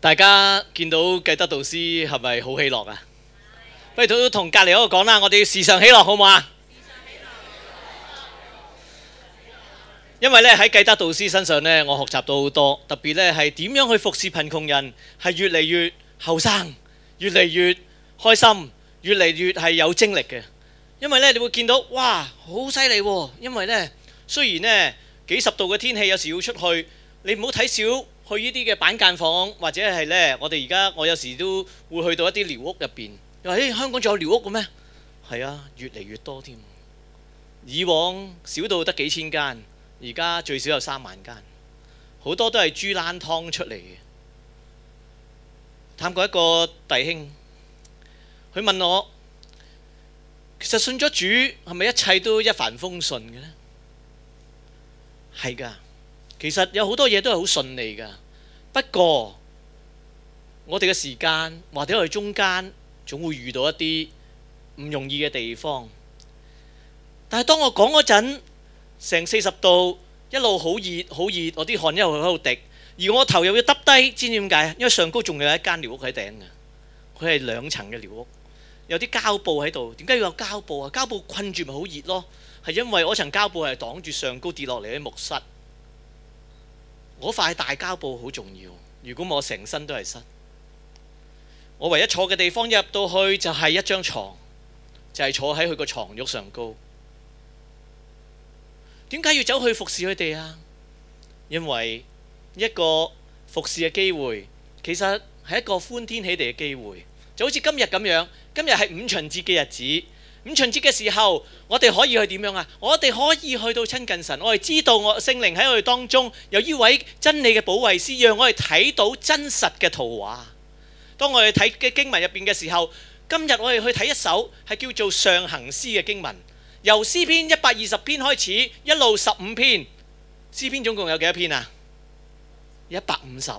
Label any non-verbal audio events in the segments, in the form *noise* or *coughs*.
大家見到計德導師係咪好喜樂啊？的不如都同隔離嗰個講啦，我哋要時常喜樂好唔好啊？因為呢，喺計德導師身上呢，我學習到好多，特別呢，係點樣去服侍貧窮人，係越嚟越後生，越嚟越開心，越嚟越係有精力嘅。因為呢，你會見到哇，好犀利喎！因為呢，雖然呢，幾十度嘅天氣，有時要出去，你唔好睇小。去呢啲嘅板間房，或者係呢，我哋而家我有時都會去到一啲寮屋入邊。話：咦、哎，香港仲有寮屋嘅咩？係啊，越嚟越多添。以往少到得幾千間，而家最少有三萬間，好多都係豬欄湯出嚟嘅。探過一個弟兄，佢問我：「其實信咗主係咪一切都一帆風順嘅呢？」係噶，其實有好多嘢都係好順利㗎。不過，我哋嘅時間或者我哋中間總會遇到一啲唔容易嘅地方。但係當我講嗰陣，成四十度，一路好熱好熱，我啲汗一路喺度滴，而我頭又要耷低，知唔知點解？因為上高仲有一間寮屋喺頂嘅，佢係兩層嘅寮屋，有啲膠布喺度。點解要有膠布啊？膠布困住咪好熱咯？係因為我層膠布係擋住上高跌落嚟嘅木蝨。嗰塊大膠布好重要。如果我成身都係濕，我唯一坐嘅地方一入到去就係一張床，就係、是、坐喺佢個床褥上高。點解要走去服侍佢哋啊？因為一個服侍嘅機會，其實係一個歡天喜地嘅機會。就好似今日咁樣，今日係五旬節嘅日子。咁五旬節嘅時候，我哋可以去點樣啊？我哋可以去到親近神，我哋知道我聖靈喺我哋當中，有一位真理嘅保惠師，讓我哋睇到真實嘅圖畫。當我哋睇嘅經文入邊嘅時候，今日我哋去睇一首係叫做上行詩嘅經文，由詩篇一百二十篇開始，一路十五篇。詩篇總共有幾多篇啊？一百五十。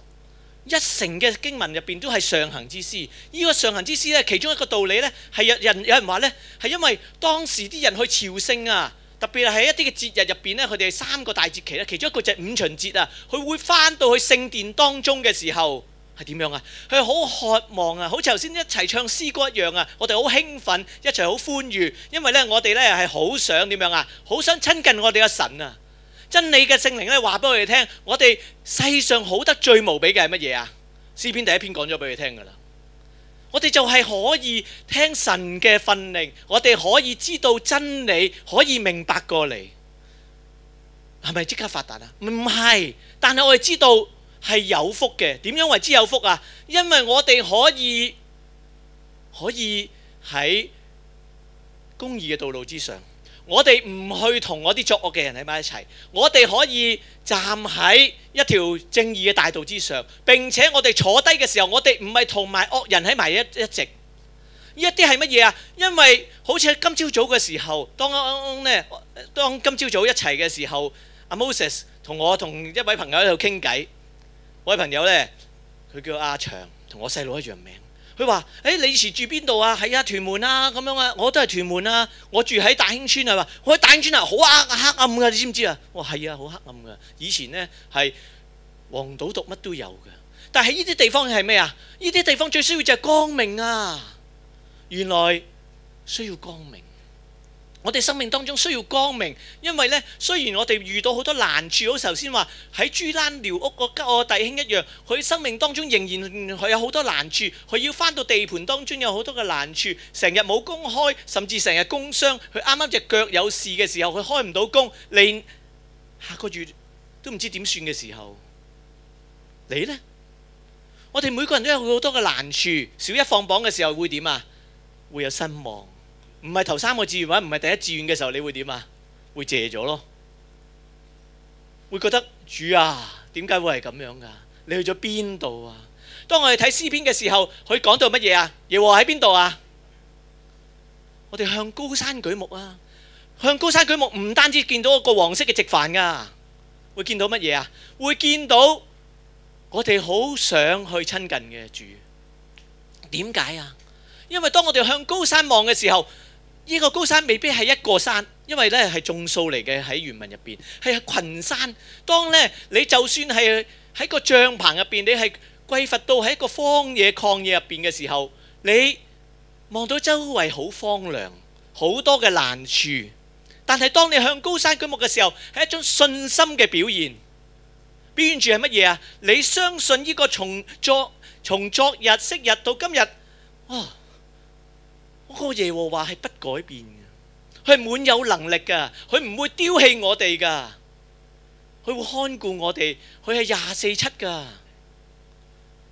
一成嘅經文入邊都係上行之詩，呢、這個上行之詩呢，其中一個道理呢，係有人有人話呢，係因為當時啲人去朝聖啊，特別係一啲嘅節日入邊呢，佢哋三個大節期呢，其中一個就係五旬節啊，佢會翻到去聖殿當中嘅時候係點樣啊？佢好渴望啊，好似頭先一齊唱詩歌一樣啊，我哋好興奮，一齊好歡愉，因為呢，我哋呢係好想點樣啊？好想親近我哋嘅神啊！真理嘅聖靈咧，話俾我哋聽，我哋世上好得最無比嘅係乜嘢啊？詩篇第一篇講咗俾佢聽噶啦，我哋就係可以聽神嘅訓令，我哋可以知道真理，可以明白過嚟，係咪即刻發達啊？唔係，但係我哋知道係有福嘅，點樣為之有福啊？因為我哋可以可以喺公義嘅道路之上。我哋唔去同我啲作惡嘅人喺埋一齊，我哋可以站喺一條正義嘅大道之上。並且我哋坐低嘅時候，我哋唔係同埋惡人喺埋一一席。呢一啲係乜嘢啊？因為好似喺今朝早嘅時候，當當呢，當今朝早一齊嘅時候，阿 Moses 同我同一位朋友喺度傾偈。位朋友呢，佢叫阿祥，同我細佬一樣名。佢話誒，你以前住邊度啊？係啊，屯門啊，咁樣啊，我都係屯門啊，我住喺大興村啊。話，我喺大興村啊，好黑黑暗噶，你知唔知啊？我係啊，好黑暗噶。以前咧係黃賭毒，乜都有嘅。但係呢啲地方係咩啊？呢啲地方最需要就係光明啊！原來需要光明。我哋生命當中需要光明，因為呢，雖然我哋遇到好多難處，好似頭先話喺豬欄寮屋個我弟兄一樣，佢生命當中仍然係有好多難處，佢要翻到地盤當中有好多嘅難處，成日冇工開，甚至成日工傷。佢啱啱隻腳有事嘅時候，佢開唔到工，連下個月都唔知點算嘅時候。你呢？我哋每個人都有好多嘅難處，小一放榜嘅時候會點啊？會有失望。唔係頭三個志願或者，唔係第一志願嘅時候，你會點啊？會謝咗咯，會覺得主啊，點解會係咁樣噶？你去咗邊度啊？當我哋睇詩篇嘅時候，佢講到乜嘢啊？耶和華喺邊度啊？我哋向高山舉目啊，向高山舉目，唔單止見到一個黃色嘅植飯噶，會見到乜嘢啊？會見到，會見到我哋好想去親近嘅主。點解啊？因為當我哋向高山望嘅時候，呢個高山未必係一個山，因為咧係眾數嚟嘅。喺原文入邊係羣山。當咧你就算係喺個帳棚入邊，你係匱乏到喺一個荒野、曠野入邊嘅時候，你望到周圍好荒涼，好多嘅難處。但係當你向高山舉目嘅時候，係一種信心嘅表現。表現住係乜嘢啊？你相信呢個從昨從昨日昔日到今日，哇！嗰個耶和華係不改變嘅，佢係滿有能力嘅，佢唔會丟棄我哋噶，佢會看顧我哋，佢係廿四七噶。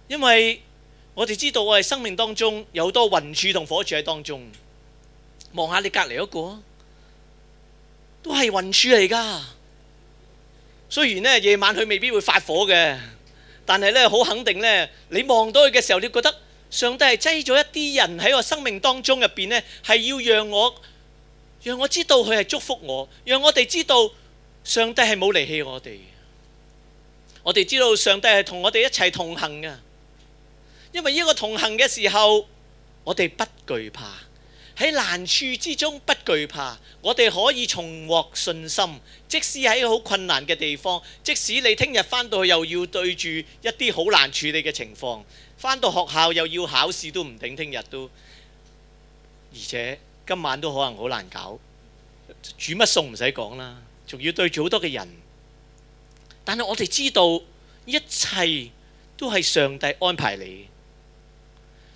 因為我哋知道我哋生命當中有好多雲柱同火柱喺當中，望下你隔籬嗰個，都係雲柱嚟噶。雖然咧夜晚佢未必會發火嘅，但係咧好肯定咧，你望到佢嘅時候，你覺得。上帝係擠咗一啲人喺我生命當中入邊，呢係要讓我讓我知道佢係祝福我，讓我哋知道上帝係冇離棄我哋。我哋知道上帝係同我哋一齊同行嘅，因為呢個同行嘅時候，我哋不懼怕，喺難處之中不懼怕，我哋可以重獲信心。即使喺好困難嘅地方，即使你聽日返到去又要對住一啲好難處理嘅情況。返到學校又要考試都唔定，聽日都，而且今晚都可能好難搞。煮乜餸唔使講啦，仲要對住好多嘅人。但係我哋知道，一切都係上帝安排你。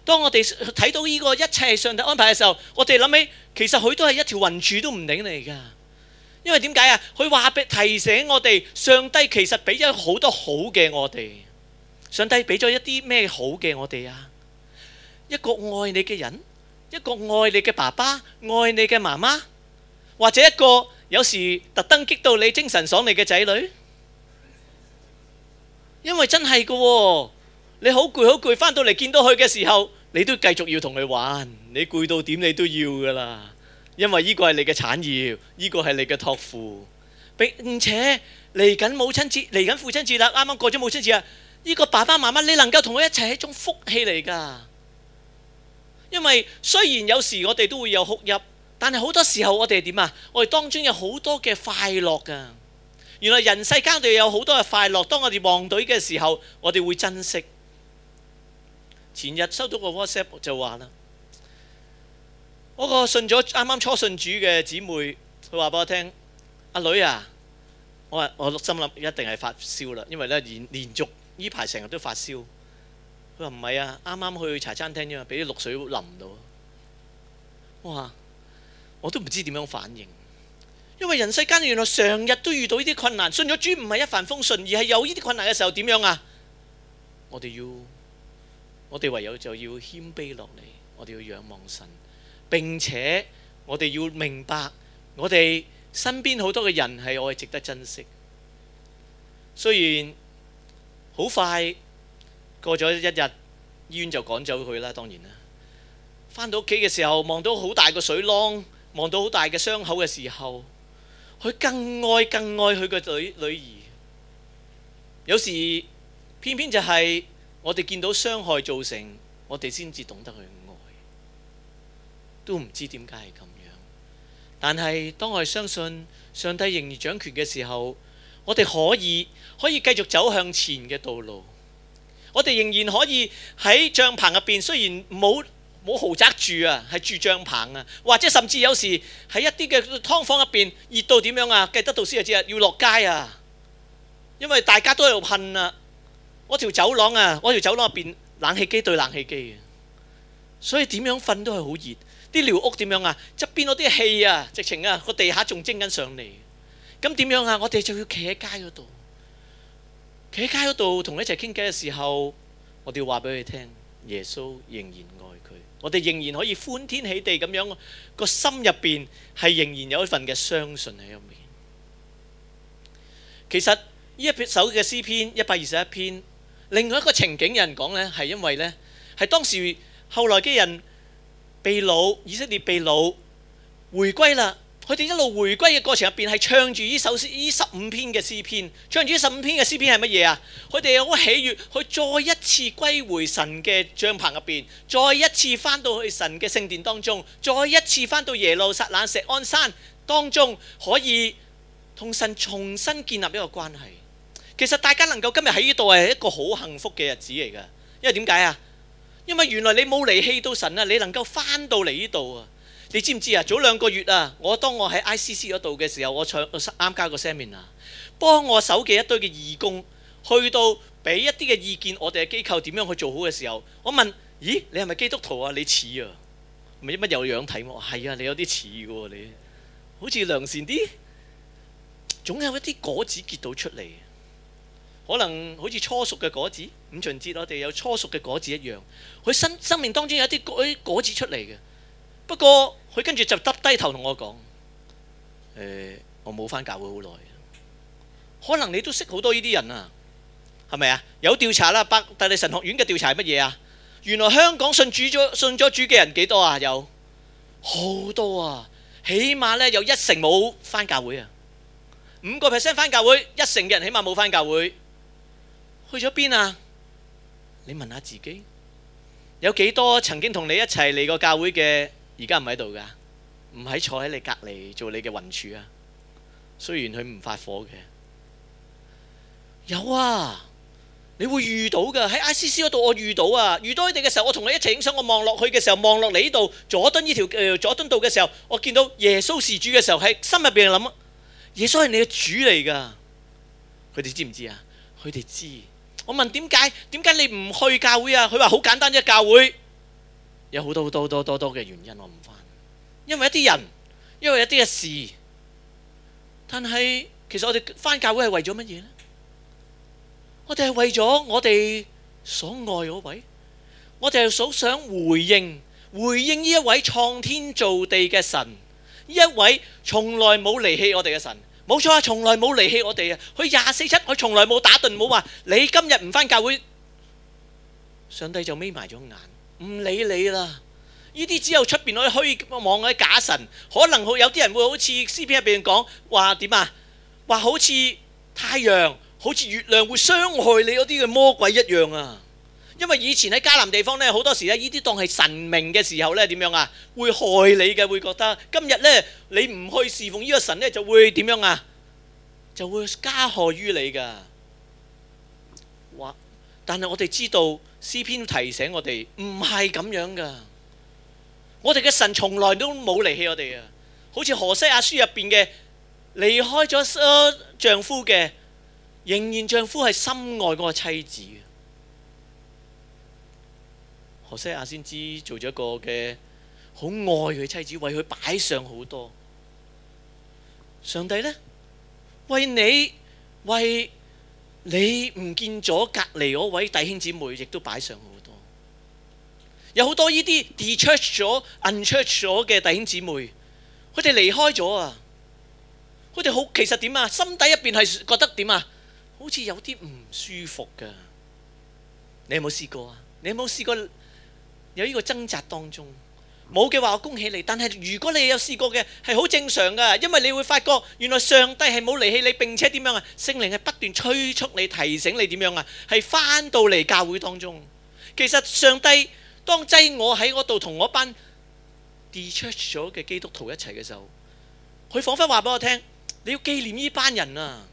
當我哋睇到呢個一切上帝安排嘅時候，我哋諗起其實佢都係一條雲柱都唔定嚟㗎。因為點解啊？佢話俾提醒我哋，上帝其實俾咗好多好嘅我哋。上帝俾咗一啲咩好嘅我哋啊？一個愛你嘅人，一個愛你嘅爸爸，愛你嘅媽媽，或者一個有時特登激到你精神爽利嘅仔女。因為真係㗎喎，你好攰好攰，翻到嚟見到佢嘅時候，你都繼續要同佢玩。你攰到點你都要㗎啦。因為呢個係你嘅產業，呢、呢個係你嘅託付。並且嚟緊母親節，嚟緊父親節啦，啱啱過咗母親節啊。呢個爸爸媽媽，你能夠同我一齊係一種福氣嚟㗎。因為雖然有時我哋都會有哭泣，但係好多時候我哋係點啊？我哋當中有好多嘅快樂㗎。原來人世間度有好多嘅快樂。當我哋望隊嘅時候，我哋會珍惜。前日收到個 WhatsApp 就話啦，我個信咗啱啱初信主嘅姊妹，佢話俾我聽：阿女啊，我我心諗一定係發燒啦，因為咧連連續。呢排成日都發燒，佢話唔係啊，啱啱去茶餐廳啫嘛，俾啲綠水淋到。哇，我都唔知點樣反應，因為人世間原來成日都遇到呢啲困難，信咗主唔係一帆風順，而係有呢啲困難嘅時候點樣啊？我哋要，我哋唯有就要謙卑落嚟，我哋要仰望神，並且我哋要明白，我哋身邊好多嘅人係我哋值得珍惜，雖然。好快過咗一日，醫院就趕走佢啦。當然啦，返到屋企嘅時候，望到好大個水瘡，望到好大嘅傷口嘅時候，佢更愛更愛佢個女女兒。有時偏偏就係我哋見到傷害造成，我哋先至懂得去愛，都唔知點解係咁樣。但係當我哋相信上帝仍然掌權嘅時候，我哋可以可以繼續走向前嘅道路，我哋仍然可以喺帳棚入邊，雖然冇冇豪宅住啊，係住帳棚啊，或者甚至有時喺一啲嘅劏房入邊，熱到點樣啊？計得到先啊，知啊，要落街啊，因為大家都喺度瞓啊。嗰條走廊啊，嗰條走廊入、啊、邊冷氣機對冷氣機啊，所以點樣瞓都係好熱。啲寮屋點樣啊？側邊嗰啲氣啊，直情啊個地下仲蒸緊上嚟。咁點樣啊？我哋就要企喺街嗰度，企喺街嗰度同佢一齊傾偈嘅時候，我哋要話俾佢聽，耶穌仍然愛佢，我哋仍然可以歡天喜地咁樣，個心入邊係仍然有一份嘅相信喺入面。其實呢一首嘅詩篇一百二十一篇，另外一個情景有人講呢，係因為呢係當時後來嘅人被擄，以色列被擄，迴歸啦。佢哋一路回歸嘅過程入邊係唱住呢首詩十五篇嘅詩篇，唱住呢十五篇嘅詩篇係乜嘢啊？佢哋好喜悅，佢再一次歸回神嘅帳棚入邊，再一次翻到去神嘅聖殿當中，再一次翻到耶路撒冷錫安山當中，可以同神重新建立一個關係。其實大家能夠今日喺呢度係一個好幸福嘅日子嚟噶，因為點解啊？因為原來你冇離棄到神啊，你能夠翻到嚟呢度啊！你知唔知啊？早兩個月啊，我當我喺 ICC 嗰度嘅時候，我唱啱加個 seminar 啊，幫我手嘅一堆嘅義工去到俾一啲嘅意見，我哋嘅機構點樣去做好嘅時候，我問：咦，你係咪基督徒啊？你似啊，咪乜有樣睇我？係啊，你有啲似嘅喎，你，你好似良善啲。總有一啲果子結到出嚟，可能好似初熟嘅果子。五旬節我哋有初熟嘅果子一樣，佢生生命當中有一啲果果子出嚟嘅。不過佢跟住就耷低頭同我講：誒、欸，我冇返教會好耐，可能你都識好多呢啲人啊，係咪啊？有調查啦，伯特利神學院嘅調查乜嘢啊？原來香港信主咗信咗主嘅人幾多啊？有好多啊，起碼呢有一成冇返教會啊，五個 percent 返教會，一成嘅人起碼冇返教會，去咗邊啊？你問下自己，有幾多曾經同你一齊嚟過教會嘅？而家唔喺度噶，唔喺坐喺你隔籬做你嘅雲柱啊。雖然佢唔發火嘅，有啊，你會遇到噶喺 I C C 嗰度，我遇到啊，遇到佢哋嘅時候，我同你一齊影相，我望落去嘅時候，望落你呢度佐敦呢條誒佐敦道嘅時候，我見到耶穌事主嘅時候，喺心入邊諗耶穌係你嘅主嚟噶。佢哋知唔知啊？佢哋知。我問，點解？點解你唔去教會啊？佢話好簡單啫，教會。有好多好多多多多嘅原因，我唔翻，因為一啲人，因為一啲嘅事。但係其實我哋翻教會係為咗乜嘢咧？我哋係為咗我哋所愛嗰位，我哋係想想回應，回應呢一位創天造地嘅神，呢一位從來冇離棄我哋嘅神。冇錯啊，從來冇離棄我哋啊！佢廿四七，佢從來冇打盹，冇話你今日唔翻教會，上帝就眯埋咗眼。唔理你啦，呢啲只有出邊嗰啲虛妄嗰啲假神，可能會有啲人會好似詩篇入邊講，話點啊？話好似太陽、好似月亮會傷害你嗰啲嘅魔鬼一樣啊！因為以前喺迦南地方咧，好多時咧呢啲當係神明嘅時候咧，點樣啊？會害你嘅，會覺得今日咧你唔去侍奉呢個神咧，就會點樣啊？就會加害於你噶。哇，但係我哋知道。詩篇提醒我哋唔係咁樣噶，我哋嘅神從來都冇離棄我哋啊！好似何西阿書入邊嘅，離開咗丈夫嘅，仍然丈夫係深愛嗰個妻子。何西阿先知做咗一個嘅好愛佢妻子，為佢擺上好多。上帝呢，為你，為。你唔見咗隔離嗰位弟兄姊妹，亦都擺上好多，有好多呢啲 dechurch 咗、unchurch 咗嘅弟兄姊妹，佢哋離開咗啊！佢哋好其實點啊？心底入邊係覺得點啊？好似有啲唔舒服㗎。你有冇試過啊？你有冇試過有呢個掙扎當中？冇嘅話，我恭喜你。但係如果你有試過嘅，係好正常噶，因為你會發覺原來上帝係冇離棄你，並且點樣啊？聖靈係不斷催促你、提醒你點樣啊？係翻到嚟教會當中，其實上帝當擠我喺嗰度同我班 detach 咗嘅基督徒一齊嘅時候，佢彷彿話俾我聽：你要紀念呢班人啊，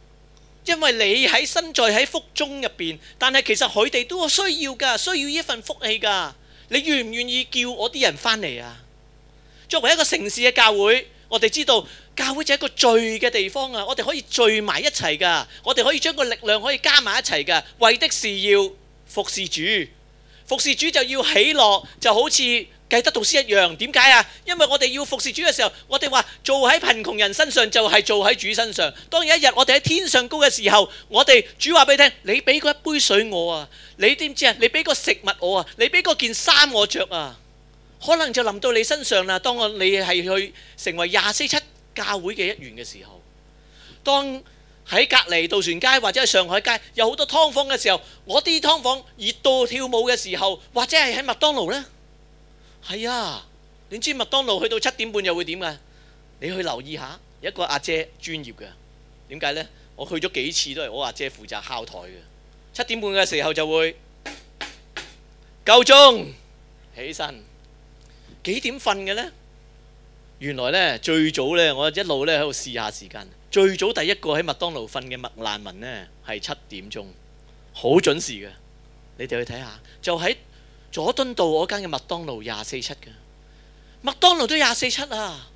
因為你喺身在喺福中入邊，但係其實佢哋都需要噶，需要呢份福氣噶。你願唔願意叫我啲人翻嚟啊？作為一個城市嘅教會，我哋知道教會就係一個聚嘅地方啊！我哋可以聚埋一齊噶，我哋可以將個力量可以加埋一齊噶，為的是要服侍主。服侍主就要喜樂，就好似。記得讀書一樣，點解啊？因為我哋要服侍主嘅時候，我哋話做喺貧窮人身上就係做喺主身上。當有一日我哋喺天上高嘅時候，我哋主話俾你聽：你俾個一杯水我啊，你知唔知啊？你俾個食物我啊，你俾個件衫我著啊，可能就臨到你身上啦。當我你係去成為廿四七教會嘅一員嘅時候，當喺隔離渡船街或者係上海街有好多湯房嘅時候，我啲湯房熱到跳舞嘅時候，或者係喺麥當勞咧。係啊，你知麥當勞去到七點半又會點啊？你去留意下，一個阿姐專業嘅。點解呢？我去咗幾次都係我阿姐負責敲枱嘅。七點半嘅時候就會夠鐘起身，幾點瞓嘅呢？原來呢最早呢我一路呢喺度試下時間，最早第一個喺麥當勞瞓嘅麥難民呢係七點鐘，好準時嘅。你哋去睇下，就喺佐敦道嗰間嘅麥當勞廿四七嘅，麥當勞都廿四七啊。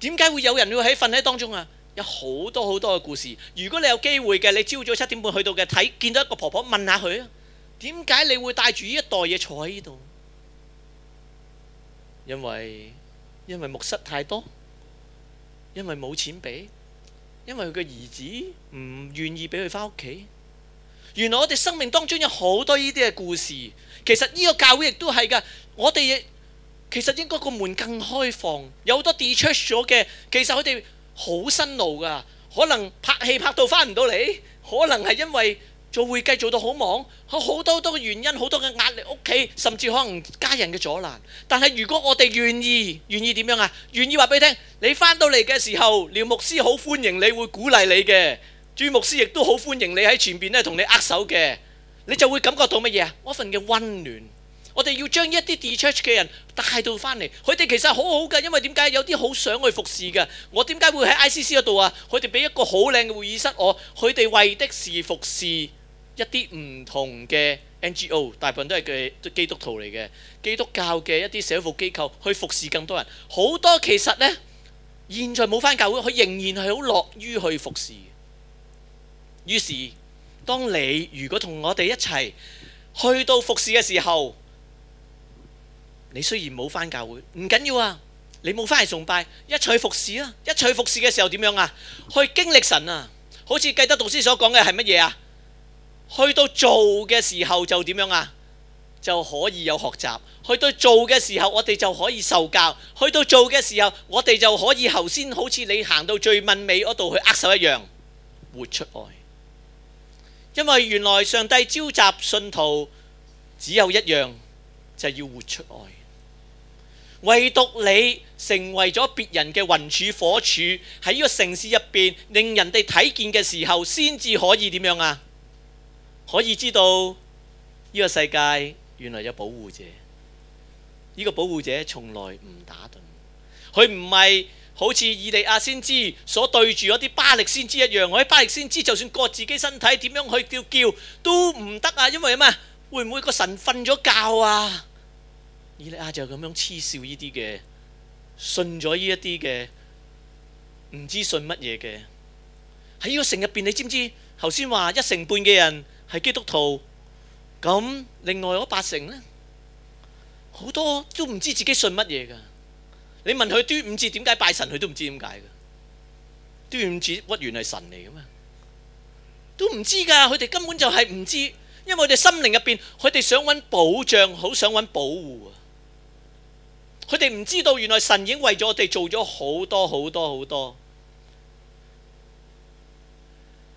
點解會有人會喺瞓喺當中啊？有好多好多嘅故事。如果你有機會嘅，你朝早七點半去到嘅睇見到一個婆婆，問下佢啊，點解你會帶住呢一袋嘢坐喺呢度？因為因為木蝨太多，因為冇錢俾，因為佢嘅兒子唔願意俾佢翻屋企。原來我哋生命當中有好多呢啲嘅故事。其實呢個教會亦都係噶，我哋其實應該個門更開放，有好多 de-church 咗嘅，其實佢哋好辛勞噶，可能拍戲拍到翻唔到嚟，可能係因為做會計做到好忙，好好多多嘅原因，好多嘅壓力，屋企甚至可能家人嘅阻攔。但係如果我哋願意，願意點樣啊？願意話俾你聽，你翻到嚟嘅時候，廖牧師好歡迎你，會鼓勵你嘅；朱牧師亦都好歡迎你喺前邊咧，同你握手嘅。你就會感覺到乜嘢啊？份嘅溫暖，我哋要將一啲 dechurch 嘅人帶到翻嚟，佢哋其實好好㗎，因為點解有啲好想去服侍㗎。我點解會喺 ICC 度啊？佢哋俾一個好靚嘅會議室我，我佢哋為的是服侍一啲唔同嘅 NGO，大部分都係嘅基督徒嚟嘅，基督教嘅一啲社服機構去服侍更多人。好多其實呢，現在冇返教會，佢仍然係好樂於去服侍。於是。當你如果同我哋一齊去到服侍嘅時候，你雖然冇翻教會，唔緊要啊，你冇翻嚟崇拜，一齊服侍啊！一齊服侍嘅時候點樣啊？去經歷神啊，好似記得讀書所講嘅係乜嘢啊？去到做嘅時候就點樣啊？就可以有學習，去到做嘅時候我哋就可以受教，去到做嘅時候我哋就可以頭先好似你行到最問尾嗰度去握手一樣，活出愛。因為原來上帝召集信徒只有一樣，就係、是、要活出愛。唯獨你成為咗別人嘅雲柱火柱喺呢個城市入邊，令人哋睇見嘅時候，先至可以點樣啊？可以知道呢、這個世界原來有保護者，呢、這個保護者從來唔打盹，佢唔係。好似以利亞先知所對住一啲巴力先知一樣，我喺巴力先知就算割自己身體點樣去叫叫都唔得啊，因為咩？會唔會個神瞓咗覺啊？以利亞就咁樣痴笑呢啲嘅，信咗呢一啲嘅，唔知信乜嘢嘅。喺呢個城入邊，你知唔知？頭先話一成半嘅人係基督徒，咁另外嗰八成呢，好多都唔知自己信乜嘢噶。你問佢端午節點解拜神，佢都唔知點解嘅。端午節屈原係神嚟嘅嘛，都唔知㗎，佢哋根本就係唔知，因為佢哋心靈入邊，佢哋想揾保障，好想揾保護啊！佢哋唔知道原來神已經為咗我哋做咗好多好多好多。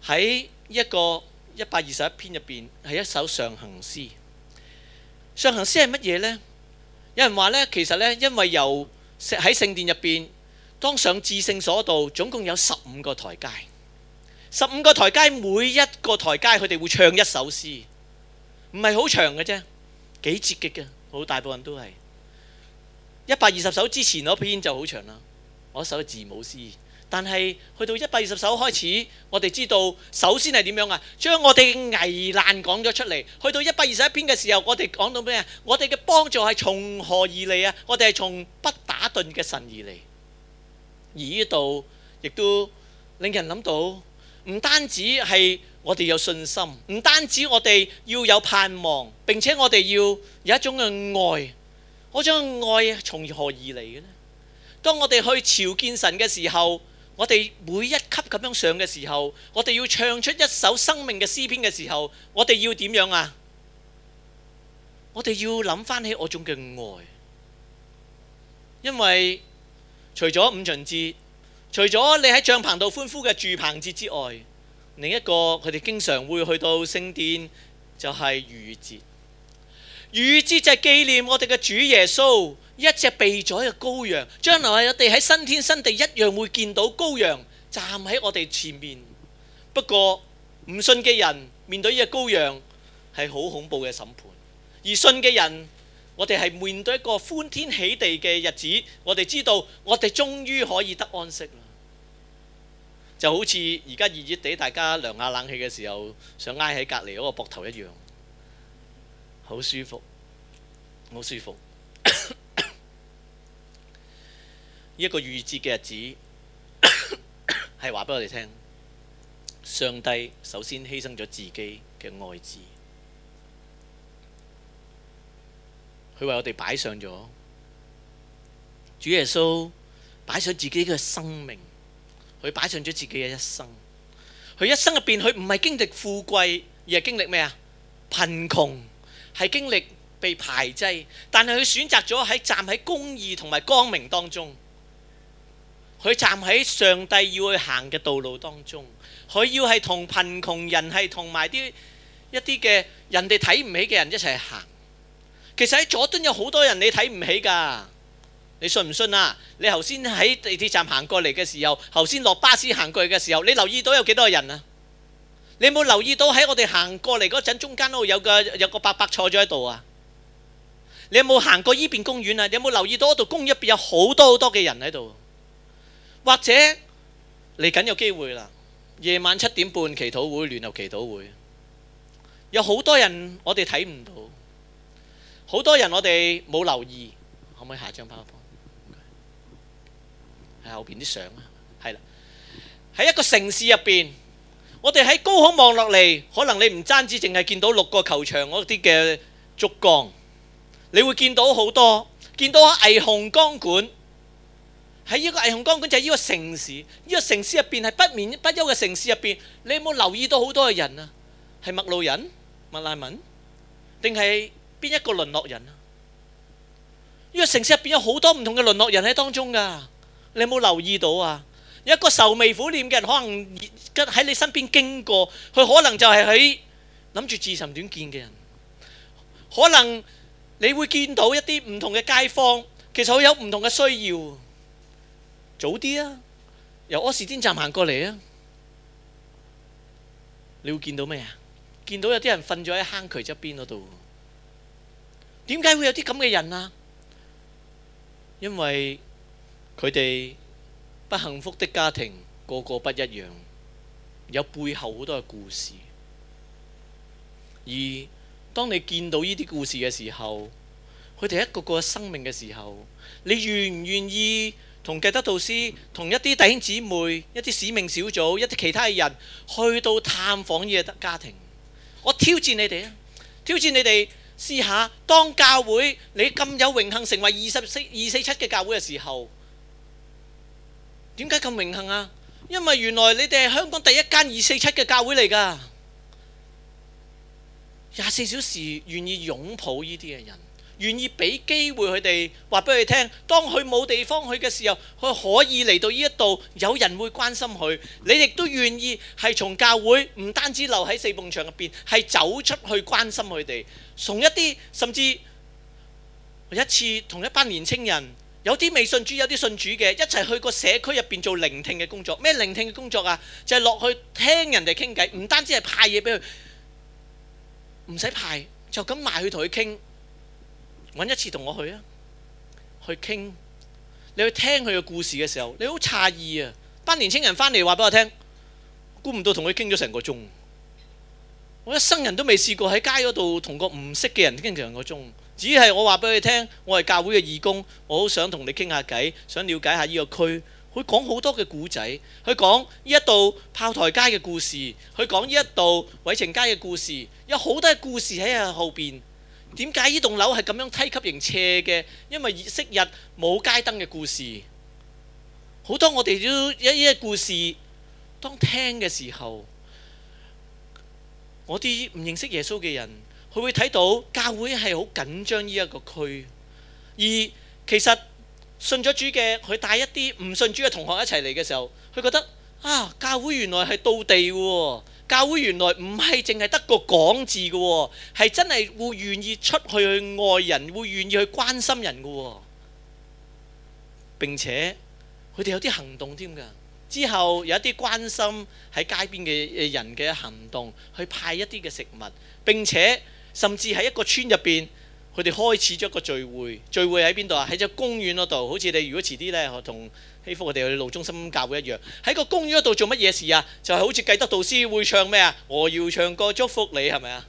喺一個一百二十一篇入邊，係一首上行詩。上行詩係乜嘢呢？有人話呢，其實呢，因為由喺聖殿入邊，當上至聖所度，總共有十五個台階。十五個台階，每一個台階佢哋會唱一首詩，唔係好長嘅啫，幾積極嘅，好大部分都係一百二十首。之前嗰篇就好長啦，嗰首字母詩。但係去到一百二十首開始，我哋知道首先係點樣啊？將我哋危難講咗出嚟。去到一百二十一篇嘅時候，我哋講到咩啊？我哋嘅幫助係從何而嚟啊？我哋係從不打盹嘅神而嚟。而呢度亦都令人諗到，唔單止係我哋有信心，唔單止我哋要有盼望，並且我哋要有一種嘅愛。嗰種愛從何而嚟嘅呢？當我哋去朝見神嘅時候。我哋每一級咁樣上嘅時候，我哋要唱出一首生命嘅詩篇嘅時候，我哋要點樣啊？我哋要諗返起我種嘅愛，因為除咗五旬節，除咗你喺帳棚度歡呼嘅住棚節之外，另一個佢哋經常會去到聖殿，就係逾節。逾節就係紀念我哋嘅主耶穌。一隻被宰嘅羔羊，將來我哋喺新天新地一樣會見到羔羊站喺我哋前面。不過唔信嘅人面對呢隻羔羊係好恐怖嘅審判，而信嘅人，我哋係面對一個歡天喜地嘅日子。我哋知道，我哋終於可以得安息啦。就好似而家熱熱地，大家涼下冷氣嘅時候，想挨喺隔離嗰個膊頭一樣，好舒服，好舒服。 *coughs* 一個預節嘅日子係話俾我哋聽，上帝首先犧牲咗自己嘅愛子，佢為我哋擺上咗主耶穌擺上自己嘅生命，佢擺上咗自己嘅一生。佢一生入邊，佢唔係經歷富貴，而係經歷咩啊？貧窮，係經歷被排擠，但係佢選擇咗喺站喺公義同埋光明當中。佢站喺上帝要去行嘅道路當中，佢要係同貧窮人係同埋啲一啲嘅人哋睇唔起嘅人一齊行。其實喺佐敦有好多人你睇唔起㗎，你信唔信啊？你頭先喺地鐵站行過嚟嘅時候，頭先落巴士行過去嘅時候，你留意到有幾多個人啊？你有冇留意到喺我哋行過嚟嗰陣中間度有個有個伯伯坐咗喺度啊？你有冇行過依邊公園啊？你有冇留意到度公園入邊有好多好多嘅人喺度？或者嚟緊有機會啦！夜晚七點半祈禱會，聯合祈禱會，有好多人我哋睇唔到，好多人我哋冇留意。 *noise* 可唔可以下張拍多？喺 *noise* 後邊啲相啊，係啦，喺 *noise* 一個城市入邊，我哋喺高空望落嚟，可能你唔單止淨係見到六個球場嗰啲嘅燭光，你會見到好多，見到霓虹光管。喺呢個霓虹光管就係、是、呢個城市，呢、這個城市入邊係不眠不休嘅城市入邊。你有冇留意到好多嘅人啊？係陌路人、麥賴文？定係邊一個淪落人啊？依、這個城市入邊有好多唔同嘅淪落人喺當中噶。你有冇留意到啊？有一個愁眉苦臉嘅人，可能喺你身邊經過，佢可能就係喺諗住自尋短見嘅人。可能你會見到一啲唔同嘅街坊，其實佢有唔同嘅需要。早啲啊！由柯士甸站行過嚟啊！你會見到咩啊？見到有啲人瞓咗喺坑渠側邊嗰度，點解會有啲咁嘅人啊？因為佢哋不幸福的家庭個個不一樣，有背後好多嘅故事。而當你見到呢啲故事嘅時候，佢哋一個個生命嘅時候，你願唔願意？同基督道師同一啲弟兄姊妹、一啲使命小組、一啲其他人去到探訪呢個家庭，我挑戰你哋啊！挑戰你哋試下，當教會你咁有榮幸成為二十四、二四七嘅教會嘅時候，點解咁榮幸啊？因為原來你哋係香港第一間二四七嘅教會嚟㗎，廿四小時願意擁抱呢啲嘅人。願意俾機會佢哋話俾佢哋聽，當佢冇地方去嘅時候，佢可以嚟到呢一度，有人會關心佢。你亦都願意係從教會唔單止留喺四埲牆入邊，係走出去關心佢哋。從一啲甚至一次同一班年青人，有啲未信主，有啲信主嘅一齊去個社區入邊做聆聽嘅工作。咩聆聽嘅工作啊？就係落去聽人哋傾偈，唔單止係派嘢俾佢，唔使派就咁埋去同佢傾。揾一次同我去啊，去傾。你去聽佢嘅故事嘅時候，你好詫異啊！班年青人翻嚟話俾我聽，估唔到同佢傾咗成個鐘。我一生人都未試過喺街嗰度同個唔識嘅人傾成個鐘。只係我話俾佢聽，我係教會嘅義工，我好想同你傾下偈，想了解下呢個區。佢講好多嘅故仔，佢講呢一度炮台街嘅故事，佢講呢一度偉晴街嘅故事，有好多嘅故事喺啊後邊。點解呢棟樓係咁樣梯級型斜嘅？因為昔日冇街燈嘅故事，好多我哋都有一啲故事，當聽嘅時候，我啲唔認識耶穌嘅人，佢會睇到教會係好緊張呢一個區，而其實信咗主嘅佢帶一啲唔信主嘅同學一齊嚟嘅時候，佢覺得啊，教會原來係道地喎。教會原來唔係淨係得個講字嘅喎，哦，係真係會願意出去去愛人，會願意去關心人嘅喎，哦。並且佢哋有啲行動添㗎。之後有一啲關心喺街邊嘅人嘅行動，去派一啲嘅食物。並且甚至喺一個村入邊，佢哋開始咗一個聚會。聚會喺邊度啊？喺只公園嗰度。好似你如果遲啲呢，同祈福我哋去路中心教會一樣，喺個公園嗰度做乜嘢事啊？就係好似計得導師會唱咩啊？我要唱歌祝福你係咪啊？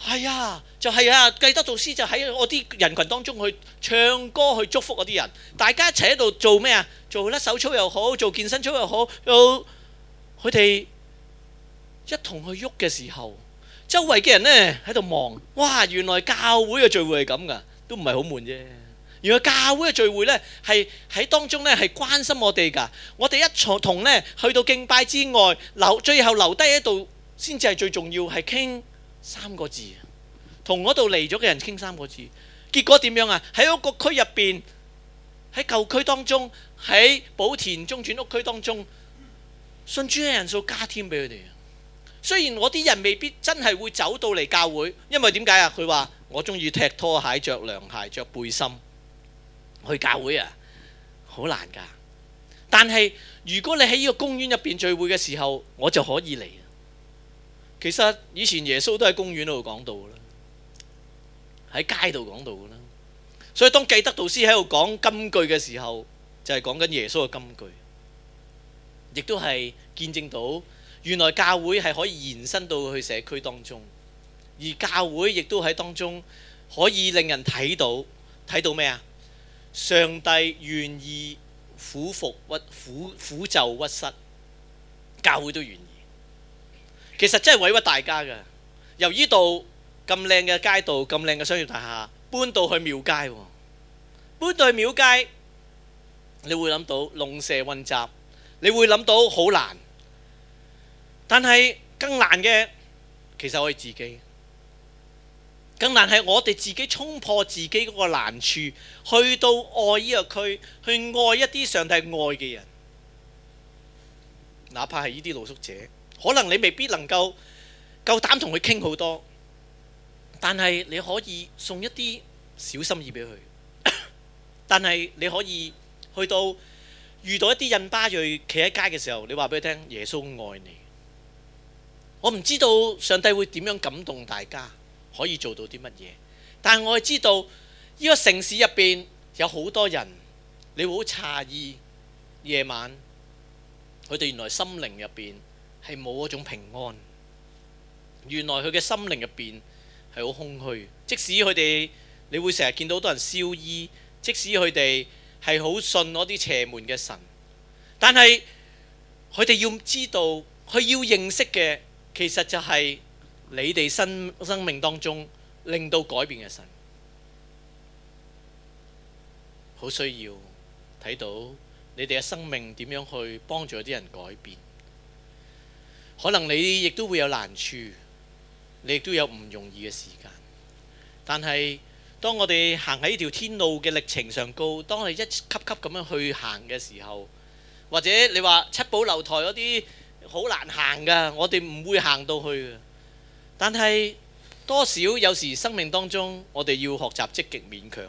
係啊，就係啊，計得導師就喺我啲人群當中去唱歌去祝福嗰啲人，大家一齊喺度做咩啊？做甩手操又好，做健身操又好，又佢哋一同去喐嘅時候，周圍嘅人呢喺度望，哇！原來教會嘅聚會係咁㗎，都唔係好悶啫。原來教會嘅聚會呢，係喺當中呢，係關心我哋㗎。我哋一從同呢，去到敬拜之外，留最後留低喺度先至係最重要，係傾三個字。同嗰度嚟咗嘅人傾三個字。結果點樣啊？喺個區入邊，喺舊區當中，喺寶田中轉屋區當中，信主嘅人數加添俾佢哋。雖然我啲人未必真係會走到嚟教會，因為點解啊？佢話我中意踢拖鞋、着涼鞋、着背心。去教會啊，好難㗎。但係如果你喺呢個公園入邊聚會嘅時候，我就可以嚟。其實以前耶穌都喺公園嗰度講道㗎啦，喺街度講道㗎啦。所以當記德導師喺度講金句嘅時候，就係講緊耶穌嘅金句，亦都係見證到原來教會係可以延伸到去社區當中，而教會亦都喺當中可以令人睇到睇到咩啊？上帝願意苦服屈苦苦咒屈膝，教會都願意。其實真係委屈大家嘅，由呢度咁靚嘅街道、咁靚嘅商業大廈搬到去廟街，搬到去廟街，哦、街，你會諗到龍蛇混雜，你會諗到好難。但係更難嘅，其實我係自己。更難係我哋自己衝破自己嗰個難處，去到愛呢個區，去愛一啲上帝愛嘅人，哪怕係呢啲露宿者，可能你未必能夠夠膽同佢傾好多，但係你可以送一啲小心意俾佢，但係你可以去到遇到一啲印巴裔企喺街嘅時候，你話俾佢聽耶穌愛你，我唔知道上帝會點樣感動大家。可以做到啲乜嘢？但係我哋知道，呢、這個城市入邊有好多人，你會好詫異。夜晚，佢哋原來心靈入邊係冇嗰種平安。原來佢嘅心靈入邊係好空虛，即使佢哋，你會成日見到好多人燒衣，即使佢哋係好信嗰啲邪門嘅神，但係佢哋要知道，佢要認識嘅其實就係、是。你哋生生命當中令到改變嘅神，好需要睇到你哋嘅生命點樣去幫助啲人改變。可能你亦都會有難處，你亦都有唔容易嘅時間。但係當我哋行喺呢條天路嘅歷程上高，當你一級級咁樣去行嘅時候，或者你話七寶樓台嗰啲好難行㗎，我哋唔會行到去嘅。但係多少有時生命當中，我哋要學習積極勉強。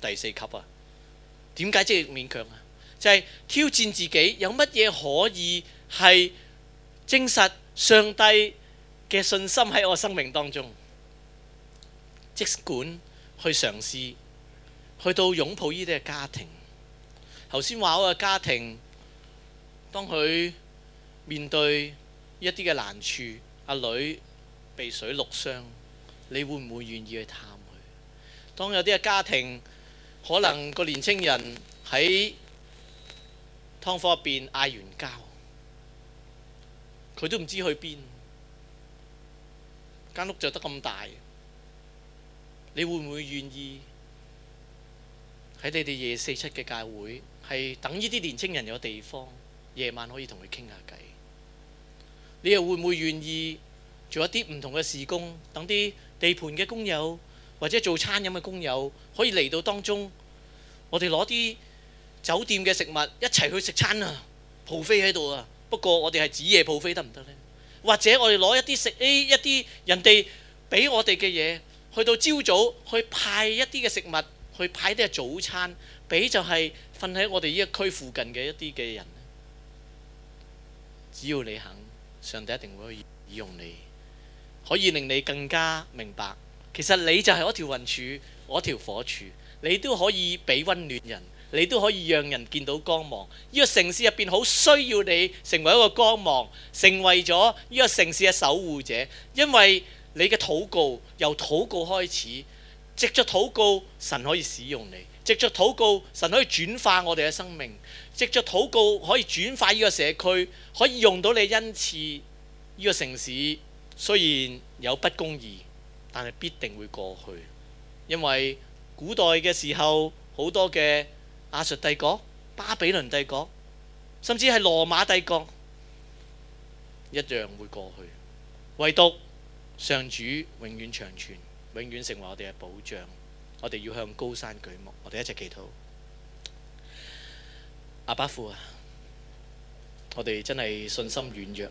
第四級啊，點解積極勉強啊？就係、是、挑戰自己，有乜嘢可以係證實上帝嘅信心喺我生命當中，即管去嘗試，去到擁抱呢啲嘅家庭。頭先話我嘅家庭，當佢面對一啲嘅難處，阿女。畀水淥傷，你會唔會願意去探佢？當有啲嘅家庭，可能個年青人喺劏房入邊嗌完交，佢都唔知去邊，間屋就得咁大，你會唔會願意喺你哋夜四七嘅教會，係等呢啲年青人有地方夜晚可以同佢傾下偈？你又會唔會願意？做一啲唔同嘅事工，等啲地盤嘅工友或者做餐飲嘅工友可以嚟到當中，我哋攞啲酒店嘅食物一齊去食餐啊，buffet 喺度啊。不過我哋係子夜 buffet 得唔得呢？或者我哋攞一啲食 A 一啲人哋俾我哋嘅嘢，去到朝早去派一啲嘅食物，去派啲嘅早餐，俾就係瞓喺我哋呢一區附近嘅一啲嘅人。只要你肯，上帝一定會利用你。可以令你更加明白，其實你就係嗰條雲柱，嗰條火柱，你都可以俾溫暖人，你都可以讓人見到光芒。呢個城市入邊好需要你成為一個光芒，成為咗呢個城市嘅守護者。因為你嘅禱告由禱告開始，藉着禱告神可以使用你，藉着禱告神可以轉化我哋嘅生命，藉着禱告可以轉化呢個社區，可以用到你嘅恩賜呢個城市。雖然有不公義，但係必定會過去，因為古代嘅時候好多嘅亞述帝國、巴比倫帝國，甚至係羅馬帝國，一樣會過去。唯獨上主永遠長存，永遠成為我哋嘅保障。我哋要向高山舉目，我哋一齊祈禱。阿爸父啊，我哋真係信心軟弱。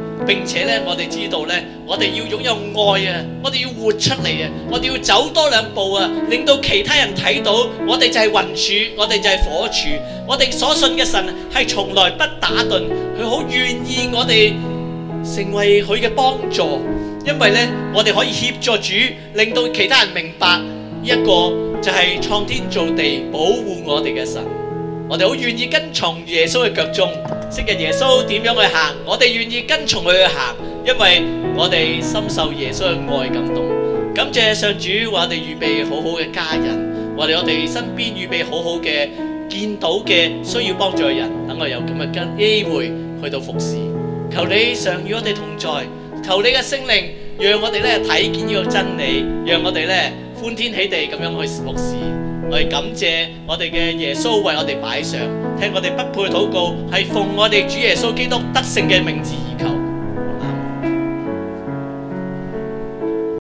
並且咧，我哋知道咧，我哋要擁有愛啊！我哋要活出嚟啊！我哋要走多兩步啊，令到其他人睇到我，我哋就係雲柱，我哋就係火柱。我哋所信嘅神係從來不打盹，佢好願意我哋成為佢嘅幫助，因為咧，我哋可以協助主，令到其他人明白一個就係創天造地保護我哋嘅神。我哋好願意跟從耶穌嘅腳蹤。昔日耶穌點樣去行，我哋願意跟從佢去行，因為我哋深受耶穌嘅愛感動。感謝上主為我哋預備好好嘅家人，為我哋身邊預備好好嘅見到嘅需要幫助嘅人，等我有今日嘅機會去到服侍，求你常與我哋同在，求你嘅聖靈讓我哋咧睇見呢個真理，讓我哋咧歡天喜地咁樣去服侍。係感謝我哋嘅耶穌為我哋擺上，聽我哋不配的禱告，係奉我哋主耶穌基督得勝嘅名字而求。